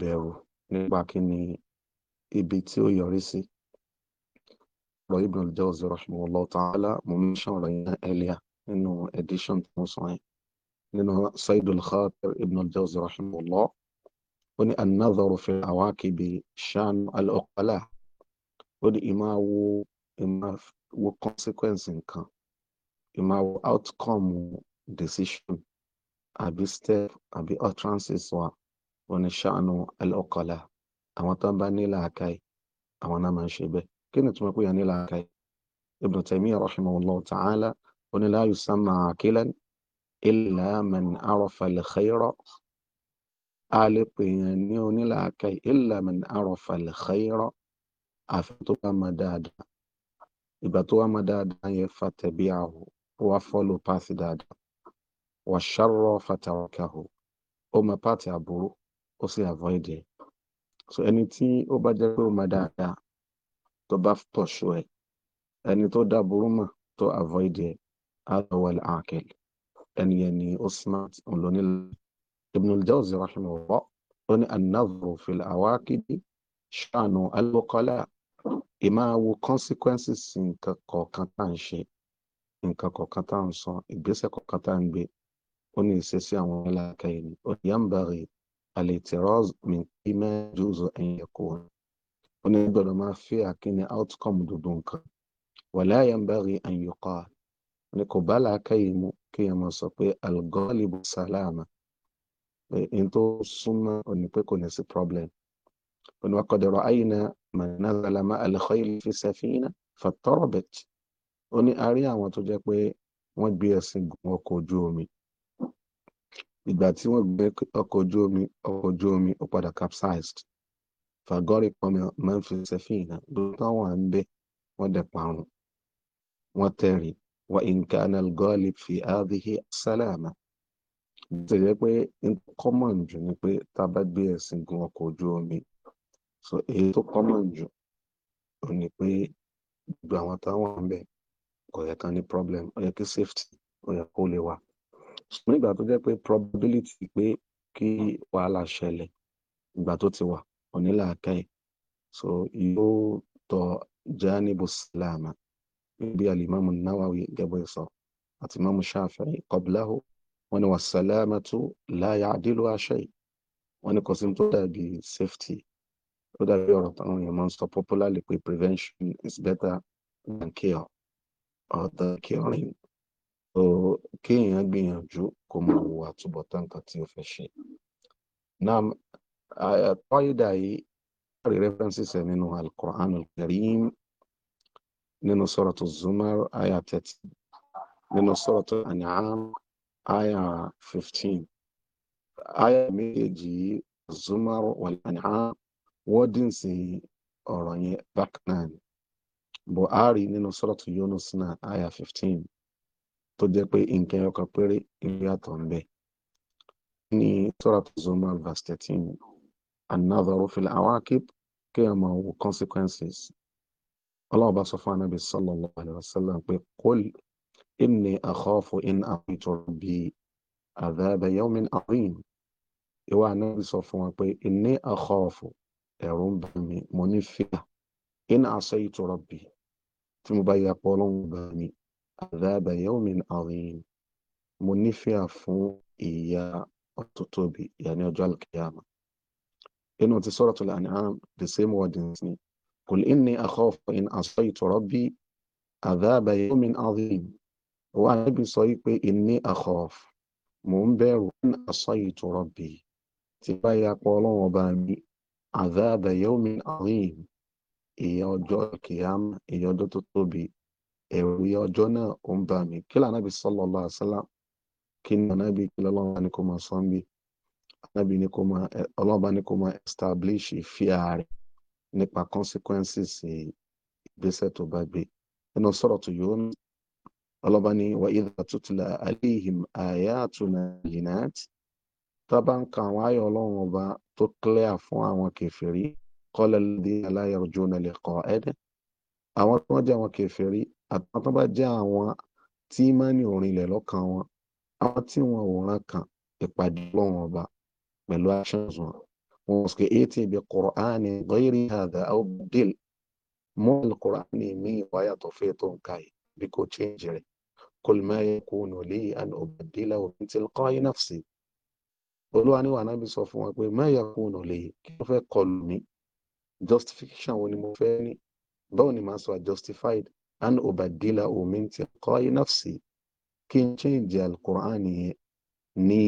bẹ̀rù nípa kí ni ibi tí ó yọrí sí. Ọ̀rọ̀ Ibn al-Jawzi rahimahullahu ta'ala mo ń ṣọ̀rọ̀ yẹn earlier nínú edition tí mo sọ yẹn. Nínú Sayyid al-Khatir Ibn al-Jawzi rahimahullah ó ní an-nadharu fi al-awaqibi sha'nu al-uqala ó ní ìmá wo ìmá wo consequence nǹkan ìmá wo outcome decision àbí step àbí utterances wa wọn ni ṣàánú ẹlọkọlá àwọn tó bá ní làákàyè àwọn náà máa ń ṣe bẹ́ẹ̀ kí ni túmọ̀ pé yẹn ní làákàyè Ibn Taymiyyah rahimahullah ta'ala ó ní la yusamma aqilan illa man arafa al-khayra a lè pè yẹn ní onílàákàyè illa man arafa al-khayra àfi máa dáadáa ìgbà tó wá máa dáadáa yẹn fatabi'ahu wá fọ́lù páàsì dáadáa wa sharra fatarakahu ó máa páàtì àbúrò kó sì avoid ẹ̀ so ẹni tí ó bá jẹ́ pé ó mọ dáadáa tó bá pọ̀ṣù ẹ̀ ẹni tó dá burú mọ̀ tó avoid ẹ̀ adawal akil ẹni yẹn ni ó smart olóní Ibn al-Jawzi rahimahullah ó ní an fil awakidi ṣàánú al-uqala ìmáa wo consequences nǹkan kọ̀ọ̀kan tá à ń ṣe nǹkan kọ̀ọ̀kan tá à ń sọ ìgbésẹ̀ kọ̀ọ̀kan tá à ń gbé ó ní ìṣesí àwọn ọmọláka yìí ó ní yambari al-i'tiraz min qima juzu an yakun ó ní gbọ́dọ̀ máa fi àkíní outcome dúdú nǹkan wala yanbaghi an yuqal ní kò bá làákàyè mu kí ẹ máa sọ pé al-ghalibu salama pé n tó súnmọ́ ò ní pé kò ní sí problem ó ní wa qad ra'ayna man nazala ma'a al-khayl fi safina fattarabat ó ní a rí àwọn tó jẹ́ pé wọ́n gbé ẹṣin gun ọkọ̀ ojú omi ìgbà tí wọ́n gbé ọkọ̀ ojú omi ọkọ̀ ojú omi ó padà capsized fagori pọnmi manfisefina lóòótọ́ wà ń bẹ wọ́n dẹ̀ parun wọ́n tẹ̀rí wa nǹkan gọ́ọ̀lì fi àdìhí sálámà bó jẹ́ pé common jù ni pé tá a bá gbé ẹ̀sìn gun ọkọ̀ ojú omi so èyí tó common jù ó ní pé gbogbo àwọn táwọn ń bẹ kò yẹ kan ní problem ó yẹ kí safety ó yẹ kó lè wà ṣùgbọ́n ìgbà tó jẹ́ pé probability pé kí wàhálà ṣẹlẹ̀ ìgbà tó ti wà onílàákà yìí so yóò tọ janibu salama bí alimamu nawawi gẹ́gbẹ́ sọ àti imamu shafi'i qablahu wọn ni wà salama tó la ya'dilu shay wọn ni kò sí tó dàbí safety tó dàbí ọ̀rọ̀ táwọn èèyàn máa ń sọ popularly pé prevention is better than cure or than curing so kéèyàn gbìyànjú kó máa wo àtúbọ̀tán nǹkan tí ó fẹ́ ṣe náà qaida yìí rí references ẹ̀ nínú al-Qur'an al-Karim nínú suratu Zumar aya thirty nínú suratu An'am aya fifteen aya méjèèjì Zumar wal-An'am wọ́ọ̀dìn sí ọ̀rọ̀ yẹn bákan náà bọ̀ ari rí nínú suratu Yunus náà aya fifteen tó jẹ́ pé nǹkan ọkàn péré ìyàtọ̀ ń bẹ. ní suratu Zumar verse thirteen an-nadharu fil awaqib kí a máa consequences ọlọ́run bá sọ fún anábì sallallahu alayhi wa sallam pé qul inni akhafu in awitu rabbi adhaba yawmin adhim ìwà anábì sọ fún wa pé inni akhafu ẹ̀rù ń bà mí mo ní fíà in asaytu rabbi tí mo bá yà pọ̀ ọlọ́run bá mi عذاب يوم عظيم منفيا فون إيا أتطوبي يعني أجل القيامة إنه في سورة الأنعام the same wording قل إني أخاف إن أصيت ربي عذاب يوم عظيم وأنا صيب إني أخاف منبر إن أصيت ربي تبا يقولون بامي عذاب يوم عظيم إيا أجل القيامة إيا أجل ẹ̀rù ọjọ́ náà ó ń bà mí kí lànà bí sallallahu alaihi wasallam kí ni ànábì kí lọ́lọ́run bá ní kó máa sọ ń bí ànábì ní kó máa ọlọ́run bá ní kó máa establish fear rẹ̀ nípa consequences ìgbésẹ̀ tó bá gbé nínú suratu Yunus ọlọ́run bá ní wa idha tutla alaihim ayatuna bayyinat tábà ń ka àwọn ayọ̀ ọlọ́run ọba tó clear fún àwọn kèfèrí qala alladhina la yarjuna liqa'ana àwọn tó wọ́n jẹ́ àwọn kèfèrí àtàwọn tó bá jẹ́ àwọn tí ìmánì orin ilẹ̀ lọ́kàn wọn àwọn tí wọn ò ràn kàn ìpàdé ọlọ́run ọba pẹ̀lú actions wọn wọn mọ̀ sí ètí ibi kùránì gbẹ́rì àdá àwòdìl mú kùránì mi ìwáyà tó fẹ́ tó ń ka yìí bí kò change rẹ̀ kul ma yakunu li an ubaddilahu min tilqa'i nafsi olúwa ní wàhánà bí sọ fún wa pé ma yakunu li kí ló fẹ́ kọlù mí justification wo ni mo fẹ́ ní báwo ni màá sọ justified an ubadilahu min tilqa'i nafsi kí n change alukur'an yẹn ní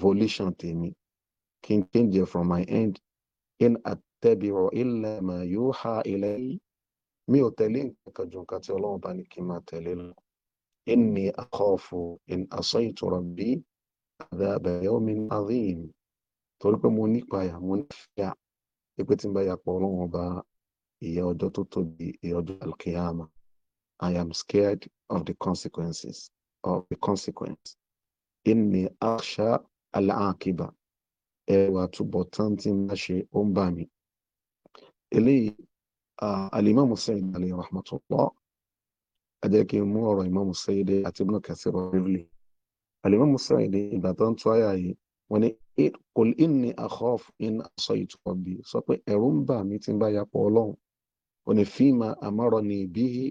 volition tèmi kí n change from my end in attabi'u illa ma yuha ilayi mi ò tẹ̀lé nǹkan kan ju nǹkan tí ọlọ́run bá ní kí n máa tẹ̀lé lọ inni akhafu in asaytu rabbi adhaba yawmin adhim torí pé mo nípayà mo nífẹ̀ẹ́ pé tí n bá yàpọ̀ ọlọ́run ọba ìyà ọjọ́ tó tóbi ìyà ọjọ́ alkiyama I am scared of the consequences, of the consequence. Inni aksha al-akiba. ewa tu botanti máa umbami. ó ń bà Alimamu Sayyid alayhi rahmatullah, ẹ jẹ́ kí Sayyid àti Ibn Kathir Rivli. Alimamu Sayyid ìgbà tó ń tó àyà yìí, wọ́n ní inni akhafu in asaytu rabbi. Sọ pé ẹ̀rù ń bà mí tí ń bá bihi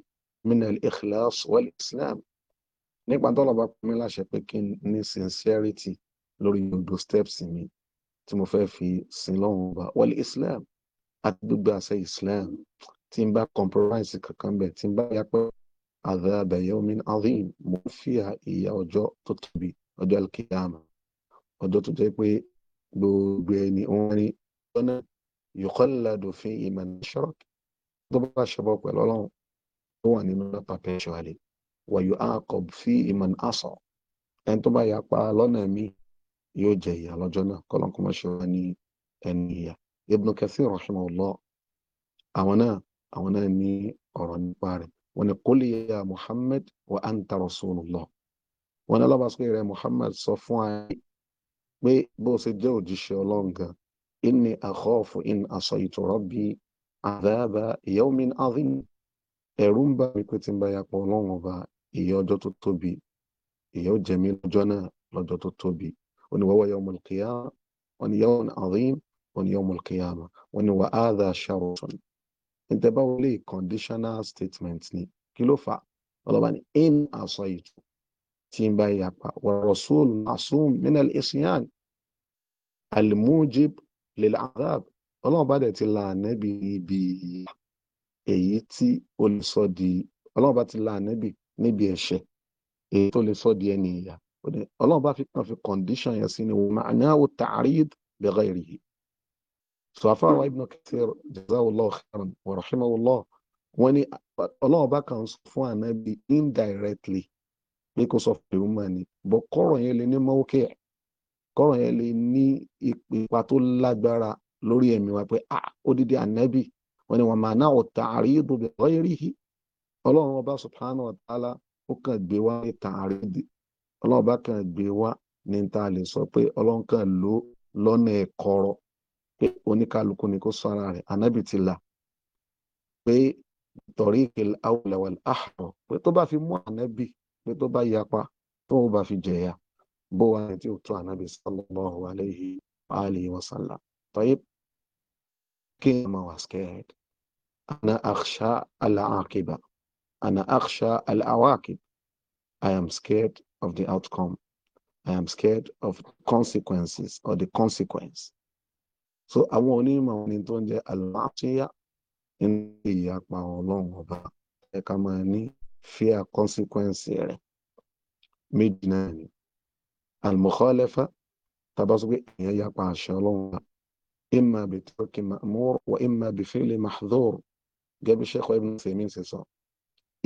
min al-ikhlas wal-islam nípa tọ́lọ́ba mi láṣẹ pé kí n ní sincerity lórí gbogbo steps mi tí mo fẹ́ fi sin lọ́run ọba wal-islam àti gbogbo àṣẹ islam tí n bá compromise kankan bẹ̀ tí n bá yá pé adhaba yawmin adhim mo ń fìyà ìyà ọjọ́ tó tóbi ọjọ́ al-qiyama ọjọ́ tó jẹ́ pé gbogbo ẹni wọn ní lọ́nà yukhalladu fi man ashrak tó bá ṣẹbọ pẹ̀lú ọlọ́run tó wà nínú náà perpetually wàyù àkọ́b fi ìmọ̀n àṣọ ẹni tó bá yà pa lọ́nà mi yóò jẹ ìyà lọ́jọ́ náà kọ́lọ́nkọ́mọ́ ṣe wá ní ẹni ìyà Ibn Kathir rahimahullah àwọn náà àwọn náà ní ọ̀rọ̀ nípa rẹ̀ wọ́n ní qul ya Muhammad wa anta rasulullah wọ́n ní alábàásùkè rẹ̀ Muhammad sọ fún ayé pé bó ṣe jẹ́ òjíṣẹ́ ọlọ́run gan inni akhafu in asaytu rabbi adhaba yawmin adhim ẹ̀rù ń bà mí pé tí ń bá yapa ọlọ́run ọba ìyà ọjọ́ tó tóbi ìyà ó jẹ mí lọ́jọ́ náà lọ́jọ́ tó tóbi ó ní wọ́wọ́ yawmul qiyama ó ní yawmun azim ó ní yawmul qiyama ó ní wa hadha sharrun ìtẹ́bá wọlé conditional statement ni kí ló fà ọlọ́ba ní in asaitu tí ń bá yapa wa rasul ma'sum min al-isyan al lil-'adhab ọlọ́run bá dẹ̀ ti la ànẹ́bí ibi ìyá èyí tí ó lè sọ di ọlọ́run bá ti la ànábì níbi ẹ̀ṣẹ̀ èyí tó lè sọ di ẹni ìyà ọlọ́run bá fi kàn fi condition yẹn sí ni wọ́n máa ní àwọn ta'arid bi ghairihi. sọ̀fà wa ibn Kathir jazawullah khairan wa rahimahullah wọ́n ní ọlọ́run bá kàn sọ fún ànábì indirectly because of the fún ìwé mọ́ ni bọ́ kọ́rọ̀ yẹn lè ní mọ́wókè kọ́rọ̀ yẹn lè ní ipa tó lágbára lórí ẹ̀mí wa pé ah odidi ànábì wọ́n ní wọ́n máa náà ta'aridu bi ghayrihi ọlọ́run ọba subhanahu wa ta'ala ó kàn gbé wá ní ta'arid ọlọ́run ọba kàn gbé wá ní ta lè sọ pé ọlọ́run kàn ló lọ́nà ẹ̀kọ́rọ̀ pé oníkálukú ni kó sọ ara rẹ̀ anábì ti là pé torí ìkìlẹ̀ awùlẹ̀wẹ̀lẹ̀ àhọ̀ pé tó bá fi mú ànábì pé tó bá yapa tó bá fi jẹ̀yà bó wa ni tí ó tún ànábì sallallahu alayhi wa alihi wa sallam tọ́yìí كما واسكيت أنا أخشى العاقبة أنا أخشى العواقب I am scared of the outcome I am scared of consequences or the consequence so àwọn onímọ̀ ní tó ń jẹ́ àlàáfíà nínú ìyapa ọlọ́run ọba ẹ ká máa ní fear consequence rẹ̀ méjì náà ni al-mukhalafa tàbá sọ pé èèyàn yapa àṣẹ إما بترك مأمور وإما بفعل محظور gẹ́bí ṣẹ́kọ̀ ibùn sèmí ṣe sọ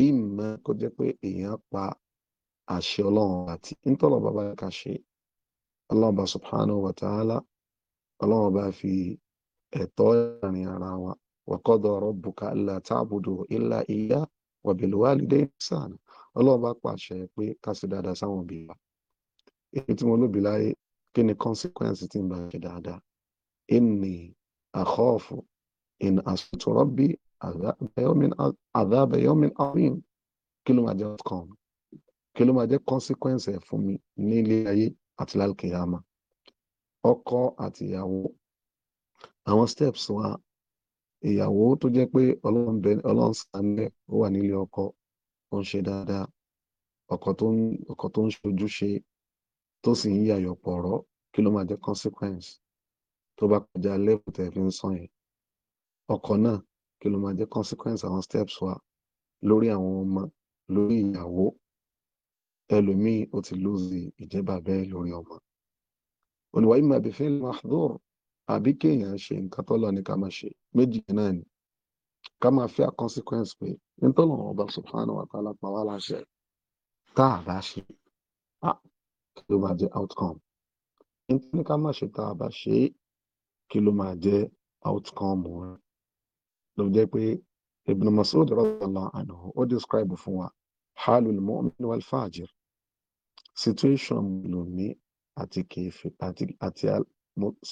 ìmọ̀ kó jẹ́ pé èèyàn pa àṣẹ ọlọ́run àti nítọ́lọ̀ bàbá ká ṣe ọlọ́run bá subhanahu wa ta'ala ọlọ́run bá fi ẹ̀tọ́ ìrìn ara wa wa qada rabbuka alla ta'budu illa iya wa bil walidayni ihsana ọlọ́run bá pàṣẹ pé ká ṣe dáadáa sáwọn òbí wa èyí tí mo lóbi láyé kí ni consequence ti ń bá ṣe dáadáa إني أخاف إن أصبت ربي عذاب يوم عذاب يوم عظيم kí ló máa jẹ́ outcome mi kí ló máa jẹ́ consequence ẹ̀ fún mi ní ilé ayé àti lálùkìyàmá ọkọ àti ìyàwó àwọn steps wa ìyàwó tó jẹ́ pé ọlọ́run sàmẹ́ ó wà nílé ọkọ ó ń ṣe dáadáa ọkọ tó ń ọkọ tó ń ṣojúṣe tó sì ń yàyọ̀ pọ̀rọ̀ kí ló máa jẹ́ consequence tó bá kọjá lẹ́bù tẹ̀ fi ń sàn yẹn ọkọ̀ náà kí ló máa jẹ́ consequence àwọn steps wa lórí àwọn ọmọ lórí ìyàwó ẹlòmíì ó ti lóòzì ìjẹba bẹ́ẹ̀ lórí ọmọ oníwà yìí máa bẹ̀fẹ́ mahdur àbí kéèyàn ṣe nǹkan tó lọ ní ká máa ṣe méjì náà ni ká máa fẹ́ consequence pé nítorí àwọn ọba subhanahu wa ta'ala pa wá láṣẹ tá a bá ṣe kí ah, ló máa jẹ outcome nítorí ká má ṣe tá a bá ṣe kí ló máa jẹ́ outcome wọn ló jẹ́ pé Ibn Mas'ud radiyallahu anhu ó describe fún wa halul mu'min wal fajir situation mùlùmí àti kèéfì àti àti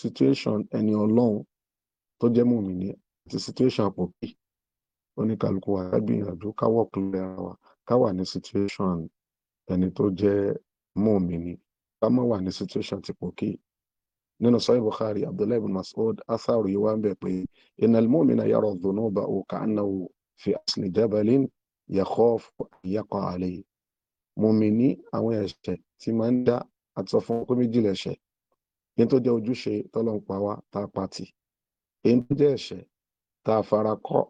situation ẹni ọlọ́run tó jẹ́ mùmíní àti situation àpòkì oníkàlùkù wa ká gbìyànjú ká wọ̀ pẹ̀lú ara wa ká ní situation ẹni tó jẹ́ mùmíní ká má wà ní situation ti pòkì nínú sọ́yìn Bukhari Abdullahi bin Mas'ud atharu yìí wá ń bẹ̀ pé innal mu'mina yara dhunubahu ka'annahu fi asli jabalin yakhafu an yaqa'a alayhi mùmíní àwọn ẹ̀ṣẹ̀ tí máa ń dá àti sọ fún ọkọ méjìlá ẹ̀ṣẹ̀ èyí tó jẹ́ ojúṣe tọ́lọ́n pa wá tá a pati èyí tó jẹ́ ẹ̀ṣẹ̀ tá a fara kọ́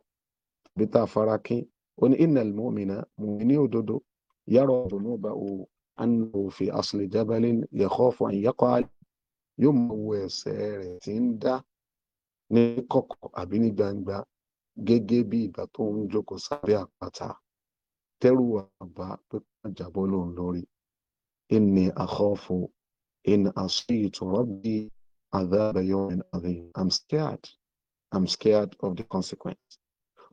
tàbí tá a fara kín ó ní innal mu'mina mùmíní òdodo yara dhunubahu annahu fi asli jabalin yakhafu an yaqa'a alayhi yóò máa wo ẹ̀ṣẹ̀ rẹ̀ tí ń dá ní kọ̀kọ̀ àbí ní gbangba gẹ́gẹ́ bí ìgbà tó ń jókòó sábẹ́ àpáta tẹ́rù àbá pé kó jábọ́ lòun lórí inni akhafu in asitu rabbi adhaba yawmin adhim i'm scared i'm scared of the consequence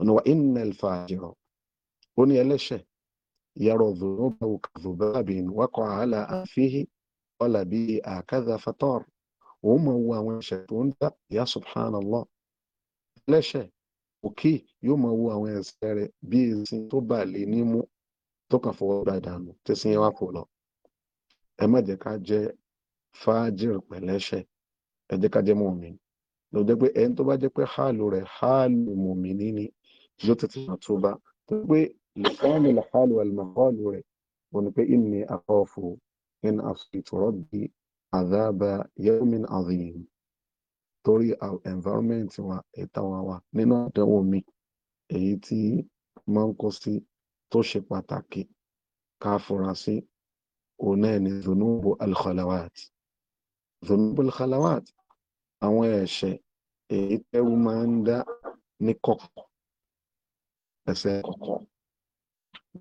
ọ̀nà wa inna al-fajira ó ní ẹlẹ́ṣẹ̀ yàrá dhunubahu kadhubabi waqa ala anfihi qala bi akadha fatar òun máa wo àwọn ẹ̀ṣẹ̀ tó ń dá ìyá subhanallah lẹ́ṣẹ̀ òkè yóò máa wo àwọn ẹ̀ṣẹ̀ rẹ̀ bí ẹ̀sìn tó bà lè ní mú tó kàn fọwọ́ gba ìdànù tí sin wá kò lọ. ẹ má jẹ́ ká jẹ́ fáájìrì pẹ̀lẹ́ṣẹ̀ ẹ jẹ́ ká jẹ́ mùmínì ló jẹ́ pé ẹni tó bá jẹ́ pé háàlù rẹ̀ háàlù mùmínì ni yóò tètè máa tó bá tó pé lẹ́sàn-án lè háàlù àlùmọ́ọ́lù rẹ̀ ni pé ìní àkọ́ọ̀fù ìní àfìtúrọ́bì عذاب يوم عظيم torí our environment wa ẹ̀ta wa wa nínú àdánwò mi èyí tí máa ń kó sí tó ṣe pàtàkì ká fura sí òun náà ni zunubu alkhalawat zunubu alkhalawat àwọn ẹ̀ṣẹ̀ èyí tẹ́wù máa ń dá ní kọ̀kọ̀ ẹ̀ṣẹ̀ kọ̀kọ̀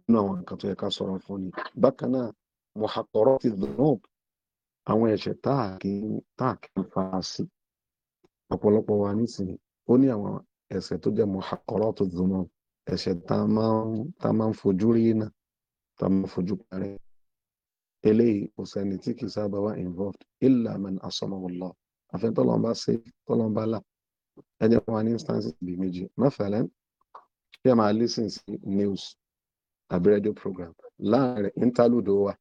nínú àwọn nǹkan tó yẹ ká sọ̀rọ̀ fún ni bákan náà muhaqqarati dhunub àwọn ẹ̀ṣẹ̀ tá à kí tá à kí ń fara sí ọ̀pọ̀lọpọ̀ wa nísìnyí ó ní àwọn ẹ̀ṣẹ̀ tó jẹ́ mọ̀hàkọ́rọ́ tó dùn ẹ̀ṣẹ̀ tá a máa ń tá a máa ń fojú rí náà tá a máa ń fojú parẹ́ eléyìí kò sẹ́ni tí kì í sábà wá involved illa man asamahu Allah àfẹn tọ́lọ́mbà ṣe tọ́lọ́mbà là ẹ jẹ́ wọn ní instances bíi méjì mẹ́fẹ̀lẹ́ kí ẹ máa listen sí news àbí radio program láàrin interlude wa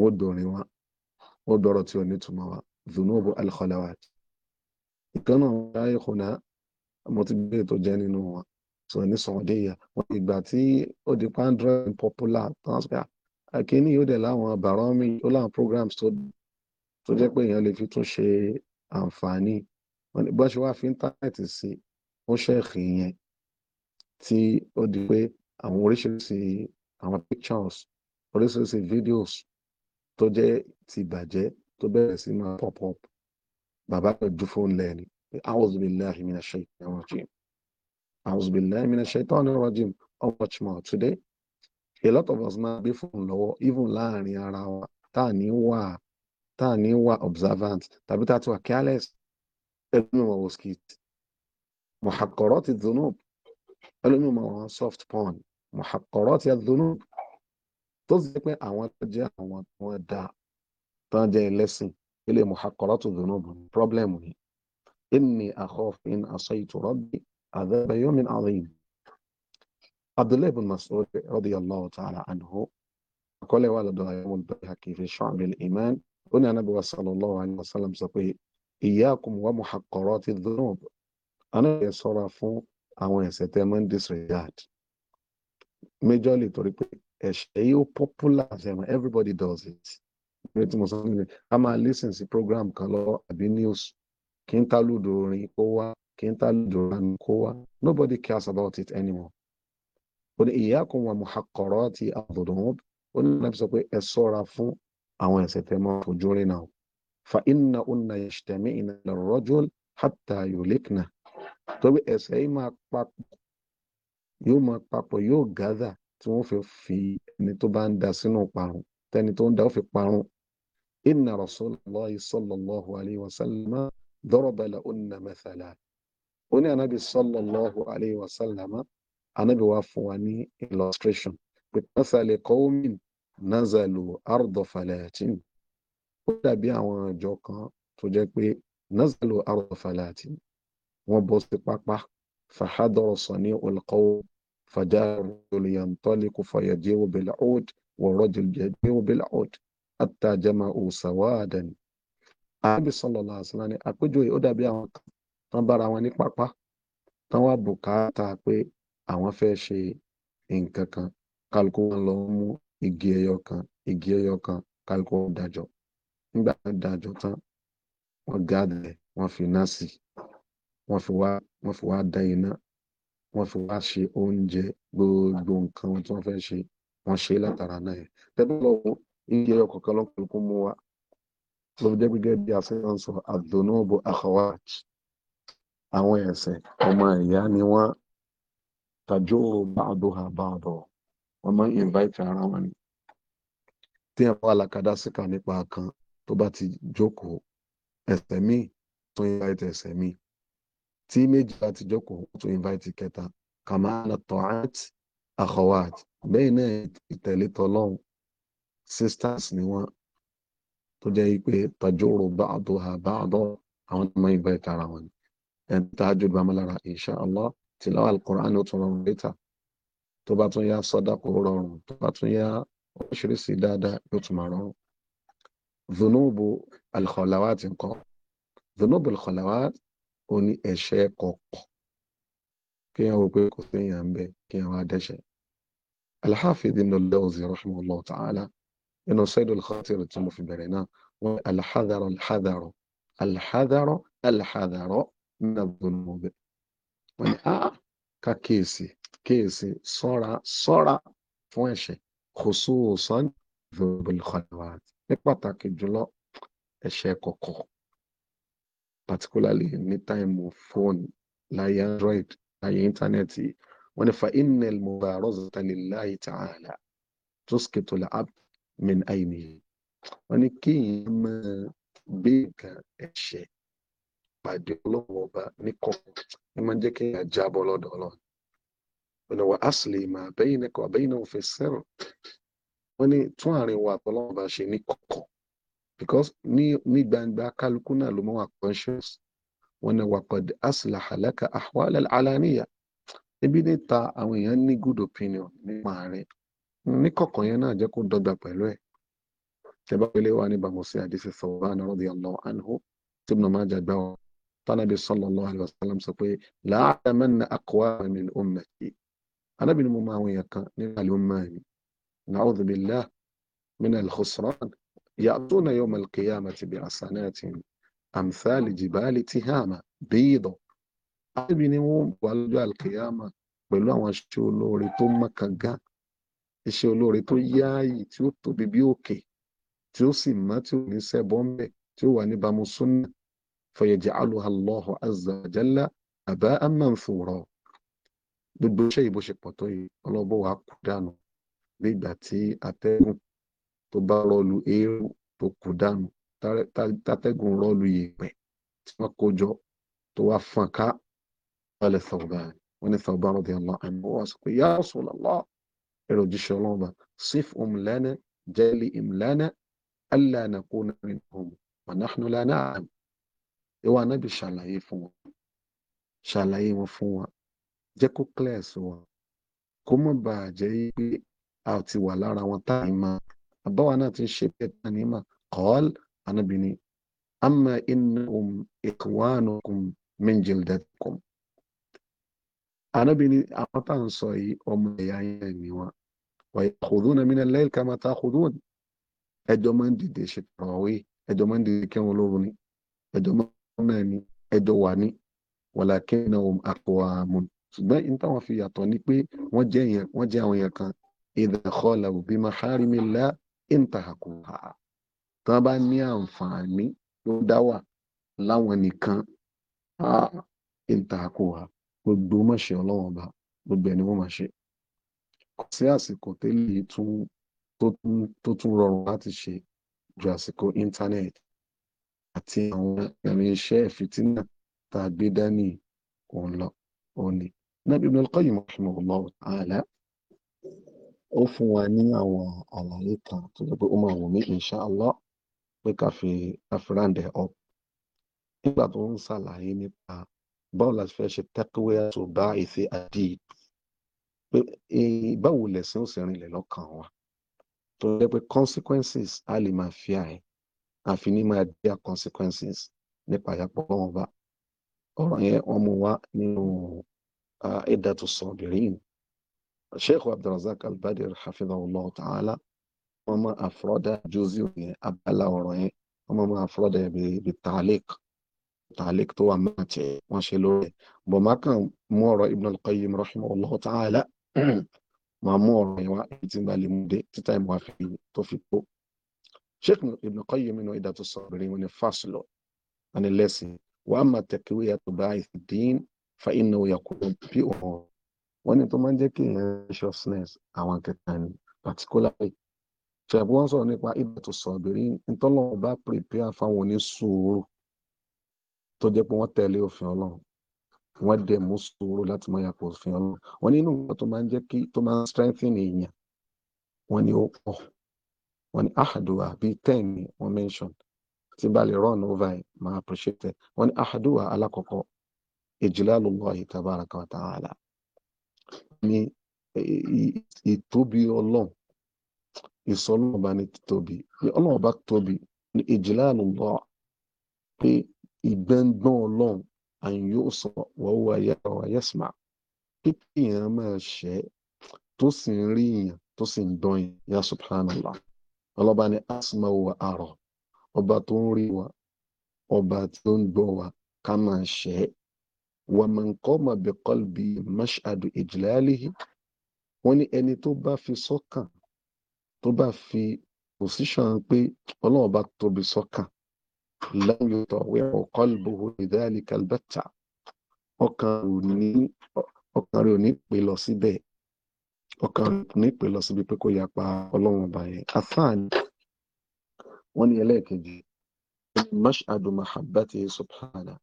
wọ́n dòrin wa ó dọ̀rọ̀ tí ò ní túmọ̀ wá zunubu alkhalawat ìkànnà ráyè kùnà mo ti gbé tó jẹ́ nínú wọn sọ ní sọ̀dẹ́yà ìgbà tí ó di pandrọ́n popular transfer akíní ah, yóò dẹ̀ láwọn bàrọ́mì ó láwọn programs tó tó jẹ́ pé èèyàn lè fi tún ṣe àǹfààní bó ṣe wá fi íńtánẹ́ẹ̀tì sí ó ṣẹ̀kì yẹn tí ó di pé àwọn oríṣiríṣi àwọn pictures oríṣiríṣi videos tó jẹ́ ti bàjẹ́ tó bẹ̀rẹ̀ sí máa pop up bàbá kan ju fóònù lẹ́ẹ̀ni a'udhu billahi minash shaitanir rajim a'udhu billahi minash shaitanir rajim how much more today a lot of us máa gbé fóònù lọ́wọ́ even láàrin ara wa tá à ní wà tá à ní wà tó sì pé àwọn tó jẹ́ àwọn tó wọ́n dá tán jẹ́ ẹlẹ́sìn ilé muhaqqaratu dhunubi problem ni inni akhafu in asaytu rabbi adhaba yawmin adhim abdullahi ibn mas'ud radiyallahu ta'ala anhu akọlẹ wà lọ́dọ̀ ayọmọ al-Bayhaqi fi Shu'ab al-Iman ó ní anábì wa sallallahu alayhi wa sallam sọ pé iyyakum wa muhaqqarati dhunub anábì sọra fún àwọn ẹ̀ṣẹ̀ tẹ́ máa ń disregard méjọ́lì torí pé ẹ̀ṣẹ̀ yóò popular sẹ́wọ̀n everybody does it. Ní tí mo sọ nílẹ̀, a máa listen sí program kan lọ àbí news kí n tálùdò orin kó wá kí n tálùdò orin kó wá nobody cares about it anymore. Ó ní iyyakum wa muhaqqarati adh-dhunub ó ní láti sọ pé ẹ sọ́ra fún àwọn ẹ̀ṣẹ̀ tẹ́ máa fojú rí náà. Fa innahunna yajtami'na lir-rajul hatta yuhliknahu. Torí ẹ̀ṣẹ̀ yìí máa papọ̀ yóò máa papọ̀ yóò gather tí wọ́n fi fi ẹni tó bá ń da sínú parun tẹni tó ń da ó fi parun inna rasulullahi sallallahu alayhi wa sallam daraba lahunna mathala ó ní anabi sallallahu alayhi wa sallam anabi wa fún wa ní illustration pé mathali qawmin nazalu ardo ó dàbí àwọn àjọ kan tó jẹ́ pé nazalu ardo wọ́n bọ́ sí pápá fahadọrọ ní olùkọ́wọ́ فجاء الرجل ينطلق فيجيء بالعود والرجل يجيء بالعود حتى جمعوا سوادا Ànábì sallallahu alaihi wasallam ní àpéjọ yìí ó dàbí àwọn kan tán bára wọn ní pápá tán wá bùkátà pé àwọn fẹ́ ṣe kan kálukú kan igi ẹyọ kan wọ́n fi wá ṣe oúnjẹ gbogbo nǹkan tí wọ́n fẹ́ ṣe wọ́n ṣe látara náà yẹn tẹ́tọ́ lọ́wọ́ iye ọ̀kọ̀ọ̀kan lọ́kùnrin kó mú wa ló fi jẹ́ gẹ́gẹ́ bí àfihàn sọ àdùnnúbù àwọn ẹ̀ṣẹ̀ ọmọ ìyá ni wọ́n tàjó ba'duha ba'du wọ́n máa ń invite ara wọn ni tí ẹ̀ wà lákàdá síkà nípa kan tó bá ti jókòó ẹ̀ṣẹ̀ míì tó invite ẹ̀ṣẹ̀ míì tí méjì bá ti jókòó ó tún invite kẹta kàmáàna tọ́hát àkọwàt bẹ́ẹ̀ náà ìtẹ̀lé tọlọ́hún sisters ni wọ́n tó jẹ́ pé tajóró báàdó ha báàdó àwọn tó máa invite ara wọn ni ẹni tájú bá mọ́ lára insha Allah tìlọ́wọ́ alukur'an ó tún rọrùn létà tó bá tún yá sọ́dà kó rọrùn tó bá tún yá oríṣiríṣi dáadáa yóò tún máa rọrùn. zunubu alkhọlawat nǹkan zunubu alkhọlawat ó ní ẹ̀ṣẹ̀ kọ̀ọ̀kan kí wọ́n wò pé kò sí èèyàn ń bẹ kí wọ́n wá dẹ́ṣẹ̀. Al-Hafidh Ibn al-Jawzi rahimahullah ta'ala nínú Sayyid al-Khatir tí mo fi bẹ̀rẹ̀ náà wọ́n al-hadhar al-hadhar al-hadhar wọ́n ní a ká kíyèsí kíyèsí sọ́ra sọ́ra fún ẹ̀ṣẹ̀ khususan dhunub ní pàtàkì jùlọ ẹ̀ṣẹ̀ kọ̀ọ̀kan particularly ní táìmù fóònù láyé android láyé íńtánẹ́ẹ̀tì wọ́n ní fa innal mubarazata lillahi ta'ala tusqitu al-abd min aynihi wọ́n ní kí èèyàn máa gbé nǹkan ẹ̀ṣẹ̀ pàdé ọlọ́wọ́ ọba ní kọ̀ọ̀kan ẹ máa ń jẹ́ kí èèyàn jábọ́ lọ́dọ̀ ọlọ́run wọ́n ní wa aslima baynaka wa baynahu fi sirr wọ́n ní tún àárín wa àtọ́lọ́wọ́ ọba ṣe ní kọ̀ọ̀kan because ní ní gbangba kálukú náà ló mọ wà conscious wọn ni wàkọd aslaha laka ahwal alaniya ibi níta àwọn èèyàn ní good opinion nípa rẹ ní kọ̀kọ̀ yẹn náà jẹ́ kó dọ́gba pẹ̀lú ẹ̀ tẹ́bá pélé wa ní bàmọ̀sí àdìsí sọ̀rọ̀ radiyallahu anhu tí Ibn Majah gbà wọ́n tánàbí sallallahu alaihi wasallam sọ pé la'a'lamanna aqwaman min ummati anábìnrin mo máa àwọn kan nígbà ló máa ní na'udhu billah min al يأتون يوم القيامة بحسنات أمثال جبال تهامة بيض أبنهم والجو القيامة pẹ̀lú àwọn iṣẹ́ olóore tó mọ́kàngá iṣẹ́ olóore tó yáàyè tí ó tóbi bí òkè tí ó sì mọ́ tí ò ní sẹ́bọ̀ ń bẹ̀ tí ó wà níbàámu súnà fayaj'aluha Allahu azza wa jalla aba'an manthura gbogbo iṣẹ́ ìbò ṣe pọ̀ tó yìí ọlọ́bọ̀ wa kú dànù bí ìgbà tí atẹ́gùn tó bá rọlù eérú tó kù dànù tátẹ́gùn rọlù yèèpẹ̀ tí wọ́n kó tó wá fọ́n ká balẹ̀ Thawban wọ́n ní Thawban radiyallahu anhu wọ́n sọ pé ya Rasulullah ẹ̀rọ jíṣẹ́ ọlọ́ọ̀bà sif um lana jẹ́lì im lana alla nakuna minhum wa nahnu la na'lam ìwà anábì ṣàlàyé fún wọn ṣàlàyé wọn fún wọn jẹ́ kó clear sí wọn kó mọ̀ bàa jẹ́ pé a ti wà lára wọn táyì máa àbáwá náà ti ń ṣe bẹ́ẹ̀ náà ní mà kọ́ọ́l anábìíní amma innahum ikhwanukum min jildatikum anábìíní àwọn tá à ń sọ yìí ọmọ ẹ̀yà yẹn ni wọn wa yakhuduna min al-layl kama takhudun ẹjọ́ máa ń dìde ṣe tàwáwé ẹjọ́ máa ń dìde kẹ́wọn lóru ni ẹjọ́ ní walakinnahum aqwamun fi yàtọ̀ ni pé wọ́n jẹ́ àwọn èèyàn kan idha khalu bi maharimillah intahakuha tán bá ní àǹfààní ló dá wà láwọn nìkan intahakuha gbogbo mọ̀ṣẹ́ ọlọ́wọ́n ọba gbogbo ẹni wọ́n máa ṣe kò sí àsìkò tẹ́lẹ̀ tó tún rọrùn láti ṣe ju àsìkò íńtánẹ́ẹ̀tì àti àwọn irinṣẹ́ ìfitínà tá a gbé dání lọ òun Nabi Ibn al-Qayyim rahimahullah ta'ala ó fún wa ní àwọn àlàyé kan tó jẹ́ pé ó máa wù mí inshallah pé ká fi ká fi up nígbà tó ń ṣàlàyé nípa báwo la fẹ́ ṣe taqwiya tó bá ìfẹ́ àdìd pé báwo lẹ̀sìn òsì rìnlẹ̀ lọ́kàn wa tó jẹ́ pé consequences a lè máa fi àyè àfi ní máa díà consequences nípa àyàpọ̀ wọn bá ọ̀rọ̀ yẹn wọ́n mú nínú ẹ̀dà tó sọ̀bìrín sheikh abdulrasaq albadi hafidhahullah ta'ala wọn máa àfúrọ́dà jùzí yẹn abala ọ̀rọ̀ yẹn wọn máa máa àfúrọ́dà yẹn bíi taalik taalik tó wà máa tẹ wọn ṣe lórí ẹ bọ̀ máa kàn mú ọ̀rọ̀ ibn al-qayyim rahimahullah ta'ala máa mú ọ̀rọ̀ yẹn wá èyí tí ń balẹ̀ mú dé títà ìmọ̀ àfi tó fi tó sheikh ibn al-qayyim inú ìdá tó sọ̀rọ̀ rẹ̀ wọn ni fásilọ̀ wọn ni lẹ́sìn wàá máa tẹ̀kíwé yàtọ̀ báyìí dín fa inú yàkùn bí òun wọ́n ní tó máa ń jẹ́ kí èèyàn anxiousness àwọn kẹta ni particularly ṣẹ̀bù wọ́n sọ̀rọ̀ nípa ibùdó sọ̀bìrì ntọ́lọ́wọ́ bá prepare fáwọn oníṣòro tó jẹ́ pé wọ́n tẹ̀lé òfin ọlọ́run wọ́n dẹ̀ mú sòro láti mọ yàpọ̀ òfin ọlọ́run wọ́n nínú nǹkan tó máa ń jẹ́ kí tó máa ń strengthen èèyàn wọ́n ní ó pọ̀ wọ́n ní ahaduwa bíi ten ni wọ́n mention tí bá lè run over ẹ̀ máa appreciate ẹ̀ wọ́n ní ahaduwa ah, alákọ̀ọ́kọ́ ijlalullahi tabaraka wa ta'ala ní e, ìtóbi ọlọ́run ìsọ ọlọ́run bá ní títóbi ọlọ́run bá tóbi ní ìjìlá àlùlọ pé ìgbẹ́ngbọ́n ọlọ́run àyìn yóò sọ wọ́wọ́ ayáwọ̀ ayẹ́sìmá pípé èèyàn máa ṣẹ́ tó sì ń rí èèyàn tó sì ń dán èèyàn yá subhanallah ọlọ́ba ní asma wa àrọ̀ ọba tó ń rí wa ọba tó ń gbọ́ wa ká máa ṣẹ́ ومن nǹkan بقلبي bẹ̀kọ́ bí mashadu ijlalihi wọ́n ní ẹni توبا في fi sọ́kàn tó bá fi position pé ọlọ́run bá tóbi sọ́kàn lẹ́yìn ọ̀tọ̀ wíwọ̀ qalbuhu lidhalika albata ọkàn rẹ̀ ò ní pè lọ síbẹ̀ ọkàn rẹ̀ ò ní pè lọ síbi pé kó yapa ọlọ́run ọba yẹn afáàní wọ́n ní ẹlẹ́ẹ̀kejì mashadu mahabbati subhana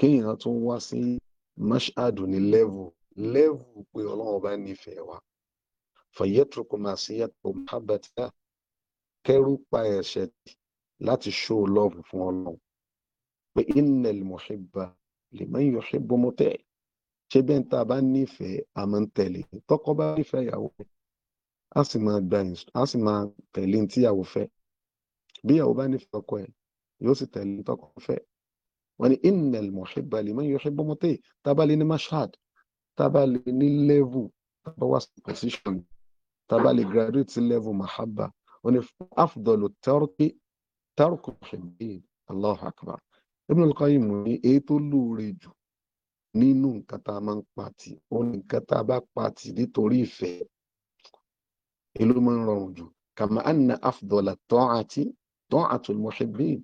kéèyàn tún wá sí mashadu ní lẹ́vù lẹ́vù pé ọlọ́run bá nífẹ̀ẹ́ wa fàyẹ́tùrùkù máa sí yàtọ̀ mahabatá kẹ́rù pa ẹ̀ṣẹ̀ láti show love fún ọlọ́run pé innal muhibba liman yuhibbu mọ́tẹ́ ṣé bẹ́ẹ̀ tá a bá nífẹ̀ẹ́ a máa ń tẹ̀lé tọkọ bá nífẹ̀ẹ́ ìyàwó a sì sì máa tẹ̀lé tíyàwó fẹ́ bí ìyàwó bá nífẹ̀ẹ́ ọkọ ẹ̀ yóò sì tẹ̀lé tọkọ fẹ́ wọ́n ní innal muhibba liman yuhibbu mọ́tẹ́ tábàlì ní mashhad tábàlì ní level tábàwá position tábàlì graduate level mahabba wọ́n ní afdọ́lù tẹ́rọ̀kì tẹ́rọ̀kì muhibbin Allahu akbar Ibn al-Qayyim ní èyí tó lóore jù nínú nǹkan tá a máa ń pati ó ní nǹkan tá a bá pati nítorí ìfẹ́ èló máa ń rọrùn jù kàmá anna afdọ́lù tọ́àtì tọ́àtù muhibbin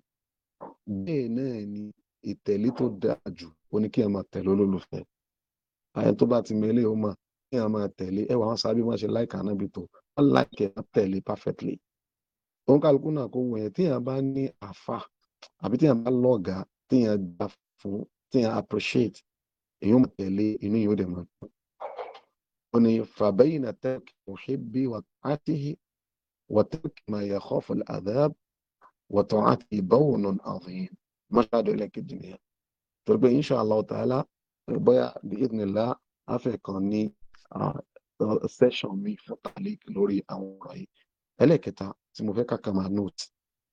bẹ́ẹ̀ náà ni ìtẹ̀lé tó dáa jù ó ní kí ẹ máa tẹ̀lé olólùfẹ́ àyẹn tó bá ti mọ eléyìí ó mọ̀ kí ẹ máa tẹ̀lé ẹwà wọn sábẹ́ wọn ṣe láìka anábì tó wọn láìka ẹ tẹ̀lé perfectly òun kálukú náà kó wọ̀nyẹn tíyàn bá ní àfa àbí tíyàn bá lọ́ọ̀gá tíyàn gbà fún tíyàn appreciate èyí ó máa tẹ̀lé inú yìí ó dẹ̀ máa tó ó ní fàbẹ́yìn àtẹ́kì òṣèbí wàtàtìhì wàtàkì máa yẹ kọ́fù àdáb wàtàtì mọ́ṣáàdì ẹlẹ́kejì nìyẹn torí pé insha Allah ta'ala bóyá bí idinilá afẹ́kan ní session mi fún talik lórí àwọn ọ̀rọ̀ yìí ẹlẹ́kẹta tí mo fẹ́ kàkà máa note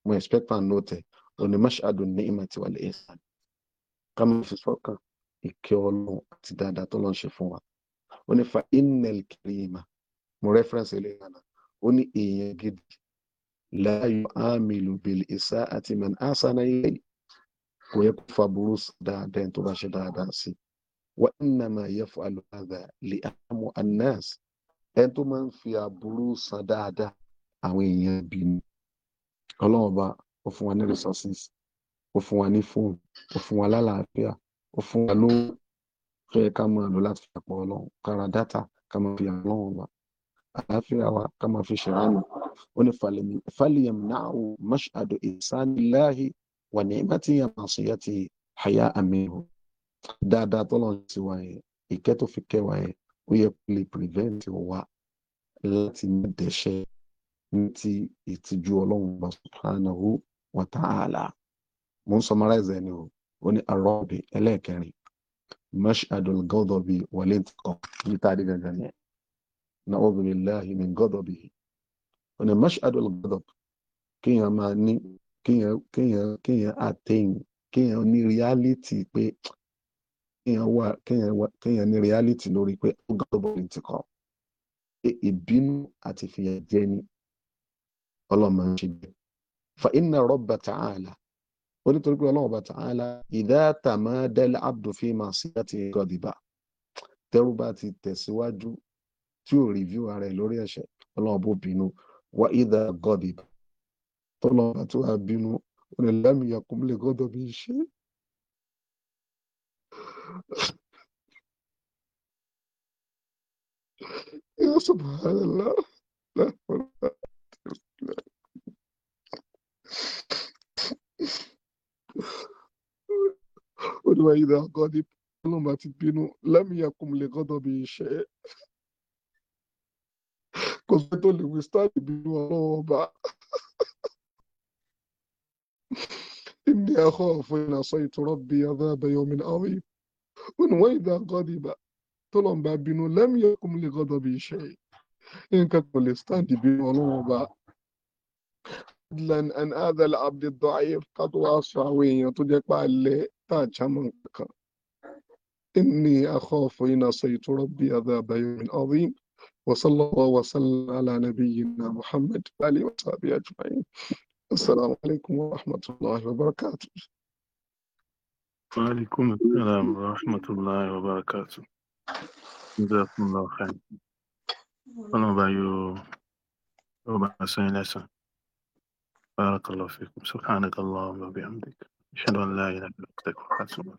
mo expect máa note ẹ̀ òní mọ́ṣáàdì ní ìmọ̀ tiwa lè ẹ̀ sàn ká máa fi sọ́kàn ìkẹ́ ọlọ́run àti dáadáa tó lọ́n kò yẹ kó fa burú sí dáadáa tó bá ṣe dáadáa sí wa innama yaf'alu hadha li'amu annas ẹni tó máa ń fi aburú san dáadáa àwọn èèyàn bí ni ọlọ́run bá ó fún wa ní resources ó fún wa ní fóònù ó fún wa lálàáfíà ó fún wa lówó tó yẹ ká máa lò láti fapọ̀ ọlọ́run ká ra dátà ká fi ọlọ́run bá àlàáfíà wa ká máa fi ṣèrànà ó ní falẹ̀mí falẹ̀yẹm náà mash'adu ihsanillahi wà ní ìgbà tí àwọn àṣeyá ti àyà àmì ìhò dáadáa tọ́lọ̀ ti wà yẹn ìkẹ́ tó fi kẹwà yẹn ó yẹ kó lè prevent wa láti má dẹ́ṣẹ̀ ní ti ìtìjú ọlọ́run bá subhanahu wa ta'ala mo ń summarize ẹni o ó ní arọ́bì ẹlẹ́ẹ̀kẹrin kéèyàn kéèyàn kéèyàn attain kéèyàn ní reality pé kéèyàn wà kéèyàn wà kéèyàn ní reality lórí pé ó gbọ́dọ̀ bọ̀rìn ti kọ́ pé ìbínú àti ìfìyà jẹ ni ọlọ́mọ ń ṣe jẹ fa inna rabba ta'ala ó nítorí pé ọlọ́run bá ta'ala idha tamadal abdu fi ma'siyati ghadiba tẹ́rù bá ti tẹ̀síwájú tí ò rìvíw ara ẹ̀ lórí ẹ̀ṣẹ̀ ọlọ́run bó bínú wa idha ghadiba tọ́lọ́ba tó wà bínú ọ̀rẹ́ lámìyà kúnlẹ̀ gọ́dọ̀ bí iṣẹ́. Ya subhanallah. Olúwa yìí dá gọ́dí ọlọ́mà ti bínú lámìyà kúnlẹ̀ gọ́dọ̀ bí iṣẹ́. Kò sí tó lè wí stáàdì bínú ọlọ́wọ́ bá. إني أخاف إن عصيت ربي عذاب يوم عظيم من وإذا غضب طلب بنو لم يقم لغضبي شيء إن كتب لستاندي بيولو با لن أن هذا العبد الضعيف قد واصع وين يتجك بالي تاج منك إني أخاف إن عصيت ربي عذاب يوم عظيم وصلى الله وسلم على نبينا محمد وعلى آله وصحبه أجمعين السلام عليكم ورحمة الله وبركاته وعليكم السلام ورحمة الله وبركاته جزاكم الله خير أنا بايو ربع حسين حسن بارك الله فيكم سبحانك اللهم وبحمدك أشهد أن لا إله إلا أنت أستغفرك